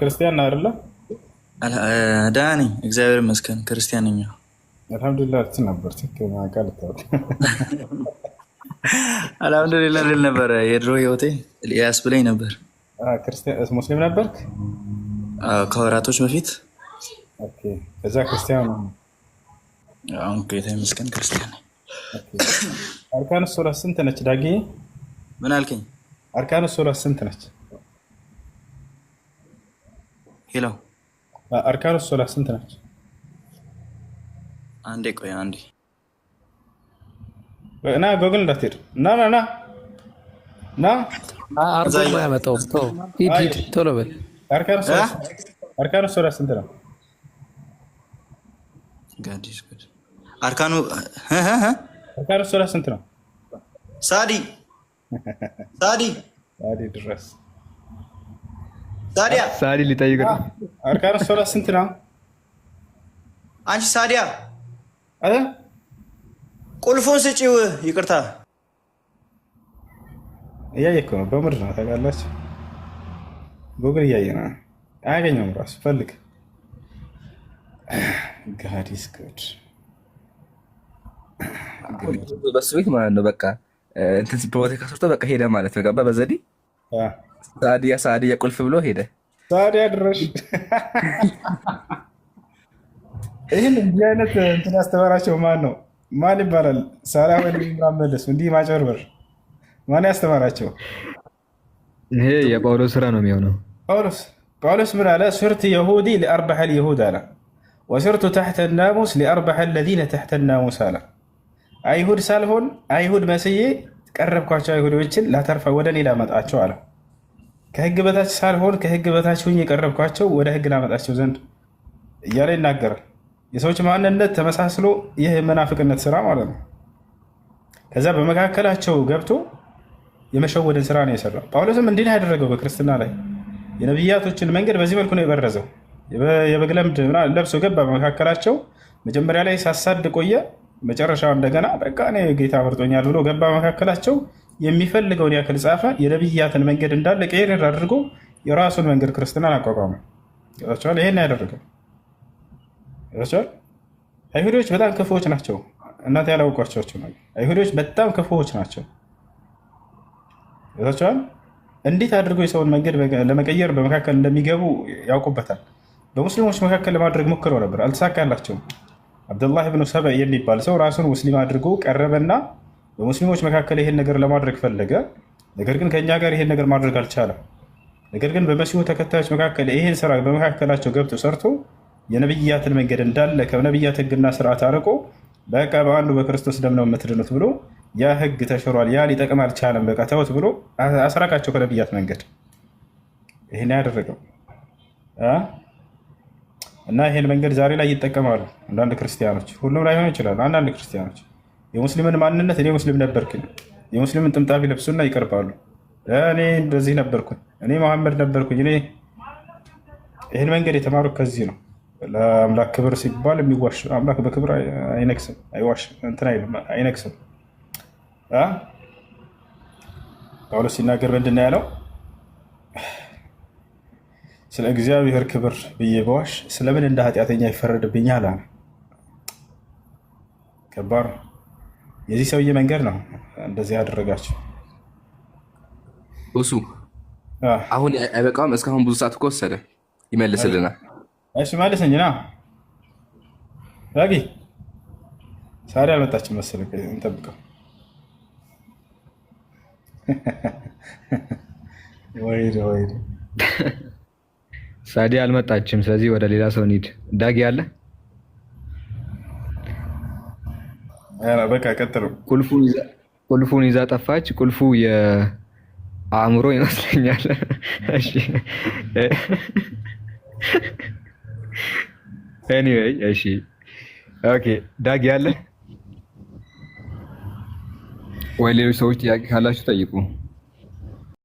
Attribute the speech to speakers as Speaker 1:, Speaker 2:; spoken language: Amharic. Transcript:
Speaker 1: ክርስቲያን አይደለ?
Speaker 2: ዳኒ እግዚአብሔር ይመስገን ክርስቲያን ኛ
Speaker 1: አልሐምዱላ ልትል ነበር። ቃል
Speaker 2: አልሐምዱሊላህ ልል ነበረ የድሮ ህይወቴ ብለኝ ነበር። ሙስሊም ነበርክ ከወራቶች በፊት? እዛ ክርስቲያን አሁን ጌታ ይመስገን ክርስቲያን አርካን
Speaker 1: አርካኑ ሶላት ስንት ነች ዳግዬ? ምን አልከኝ? አርካን ሶላት ስንት ነች? ሄሎ አርካኖ ሶላ ስንት ናቸው?
Speaker 2: አንዴ ቆይ አንዴ
Speaker 1: ና ጎግል እንዳትሄድ እና ና ና
Speaker 2: ና አርጎ ያመጣው ሂድ ቶሎ በል።
Speaker 1: ሶላ ስንት ነው? ስንት ነው?
Speaker 2: ሳዲ ሳዲ
Speaker 1: ሳዲ ድረስ ሳዲያ ሳዲ ሊጠይቅ ነው። አርካኖ ሶላት ስንት ነው?
Speaker 2: አንቺ ሳዲያ ቁልፉን ስጪው። ይቅርታ
Speaker 1: እያየ እኮ ነው። በምር ነው ታውቃላችሁ። ጎግል እያየ ነው። አያገኘውም ራሱ ፈልግ። ጋዲስ ጉድ በሱ ቤት ማለት ነው። በቃ እንትን ፕሮቴክት አስርቶ በቃ ሄደ ማለት ነው። ገባ በዘዴ ሳዲያ ሳዲያ ቁልፍ ብሎ ሄደ። ሳዲያ ድረሽ ይህን እንዲህ አይነት እንትን ያስተማራቸው ማን ነው? ማን ይባላል? ሳላህ መለስ እንዲህ ማጨርበር ማን ያስተማራቸው? ይሄ የጳውሎስ ስራ ነው የሚሆነው። ጳውሎስ ጳውሎስ ምን አለ? ስርት የሁዲ ሊአርበሐ ልይሁድ አለ። ወስርቱ ታሕተ ናሙስ ሊአርባሐ ለዚነ ታሕተ ናሙስ አለ። አይሁድ ሳልሆን አይሁድ መስዬ ቀረብኳቸው አይሁዶችን ላተርፈ ወደ ሌላ መጣቸው አለ ከህግ በታች ሳልሆን ከህግ በታች ሁኝ የቀረብኳቸው ወደ ህግ ላመጣቸው ዘንድ እያለ ይናገራል። የሰዎች ማንነት ተመሳስሎ ይህ የመናፍቅነት ስራ ማለት ነው። ከዛ በመካከላቸው ገብቶ የመሸወድን ስራ ነው የሰራው። ጳውሎስም እንዲህ ያደረገው በክርስትና ላይ የነቢያቶችን መንገድ በዚህ መልኩ ነው የበረዘው። የበግ ለምድ ለብሶ ገባ በመካከላቸው። መጀመሪያ ላይ ሳሳድ ቆየ። መጨረሻው እንደገና በቃ እኔ ጌታ መርጦኛል ብሎ ገባ መካከላቸው። የሚፈልገውን ያክል ጻፈ። የነብያትን መንገድ እንዳለ ቀይር አድርጎ የራሱን መንገድ ክርስትና አቋቋመ። ቸዋል ይሄን ያደረገው ቸዋል። አይሁዶች በጣም ክፉዎች ናቸው። እናት ያላወቋቸዋቸው አይሁዶች በጣም ክፉዎች ናቸው። ቸዋል። እንዴት አድርጎ የሰውን መንገድ ለመቀየር በመካከል እንደሚገቡ ያውቁበታል። በሙስሊሞች መካከል ለማድረግ ሞክረው ነበር፣ አልተሳካላቸውም። አብደላህ ብኑ ሰበ የሚባል ሰው ራሱን ሙስሊም አድርጎ ቀረበና በሙስሊሞች መካከል ይሄን ነገር ለማድረግ ፈለገ። ነገር ግን ከእኛ ጋር ይሄን ነገር ማድረግ አልቻለም። ነገር ግን በመሲሁ ተከታዮች መካከል ይሄን ስራ በመካከላቸው ገብቶ ሰርቶ የነብያትን መንገድ እንዳለ ከነብያት ህግና ስርዓት አርቆ በቃ በአንዱ በክርስቶስ ደም ነው የምትድኑት ብሎ ያ ህግ ተሽሯል፣ ያ ሊጠቅም አልቻለም፣ በቃ ተውት ብሎ አስራቃቸው ከነብያት መንገድ። ይህን ያደረገው እና ይህን መንገድ ዛሬ ላይ ይጠቀማሉ አንዳንድ ክርስቲያኖች፣ ሁሉም ላይሆን ይችላል፣ አንዳንድ ክርስቲያኖች የሙስሊምን ማንነት እኔ ሙስሊም ነበርክኝ የሙስሊምን ጥምጣም ለብሱና ይቀርባሉ። እኔ እንደዚህ ነበርኩኝ፣ እኔ መሐመድ ነበርኩኝ። እኔ ይህን መንገድ የተማሩ ከዚህ ነው። ለአምላክ ክብር ሲባል የሚዋሽ አምላክ በክብር አይነክስም፣ አይዋሽ እንትን አይልም፣ አይነክስም። ጳውሎስ ሲናገር ምንድን ያለው? ስለ እግዚአብሔር ክብር ብዬ በዋሽ ስለምን እንደ ኃጢአተኛ ይፈረድብኛል አለ። ከባድ ነው። የዚህ ሰውዬ መንገድ ነው እንደዚህ ያደረጋቸው። እሱ አሁን አይበቃም። እስካሁን ብዙ ሰዓት እኮ ወሰደ። ይመልስልናል። እሺ መልስኝ ና ረቢ። ሳሪ አልመጣችም መሰለኝ። እንጠብቀው። ሳዲ አልመጣችም። ስለዚህ ወደ ሌላ ሰው እንሂድ። ዳጊ አለ በቃ ቀጥሉ። ቁልፉን ይዛ ጠፋች። ቁልፉ የአእምሮ ይመስለኛል። ኤኒዌይ እሺ፣ ኦኬ ዳግ ያለ ወይ ሌሎች ሰዎች ጥያቄ ካላችሁ ጠይቁ።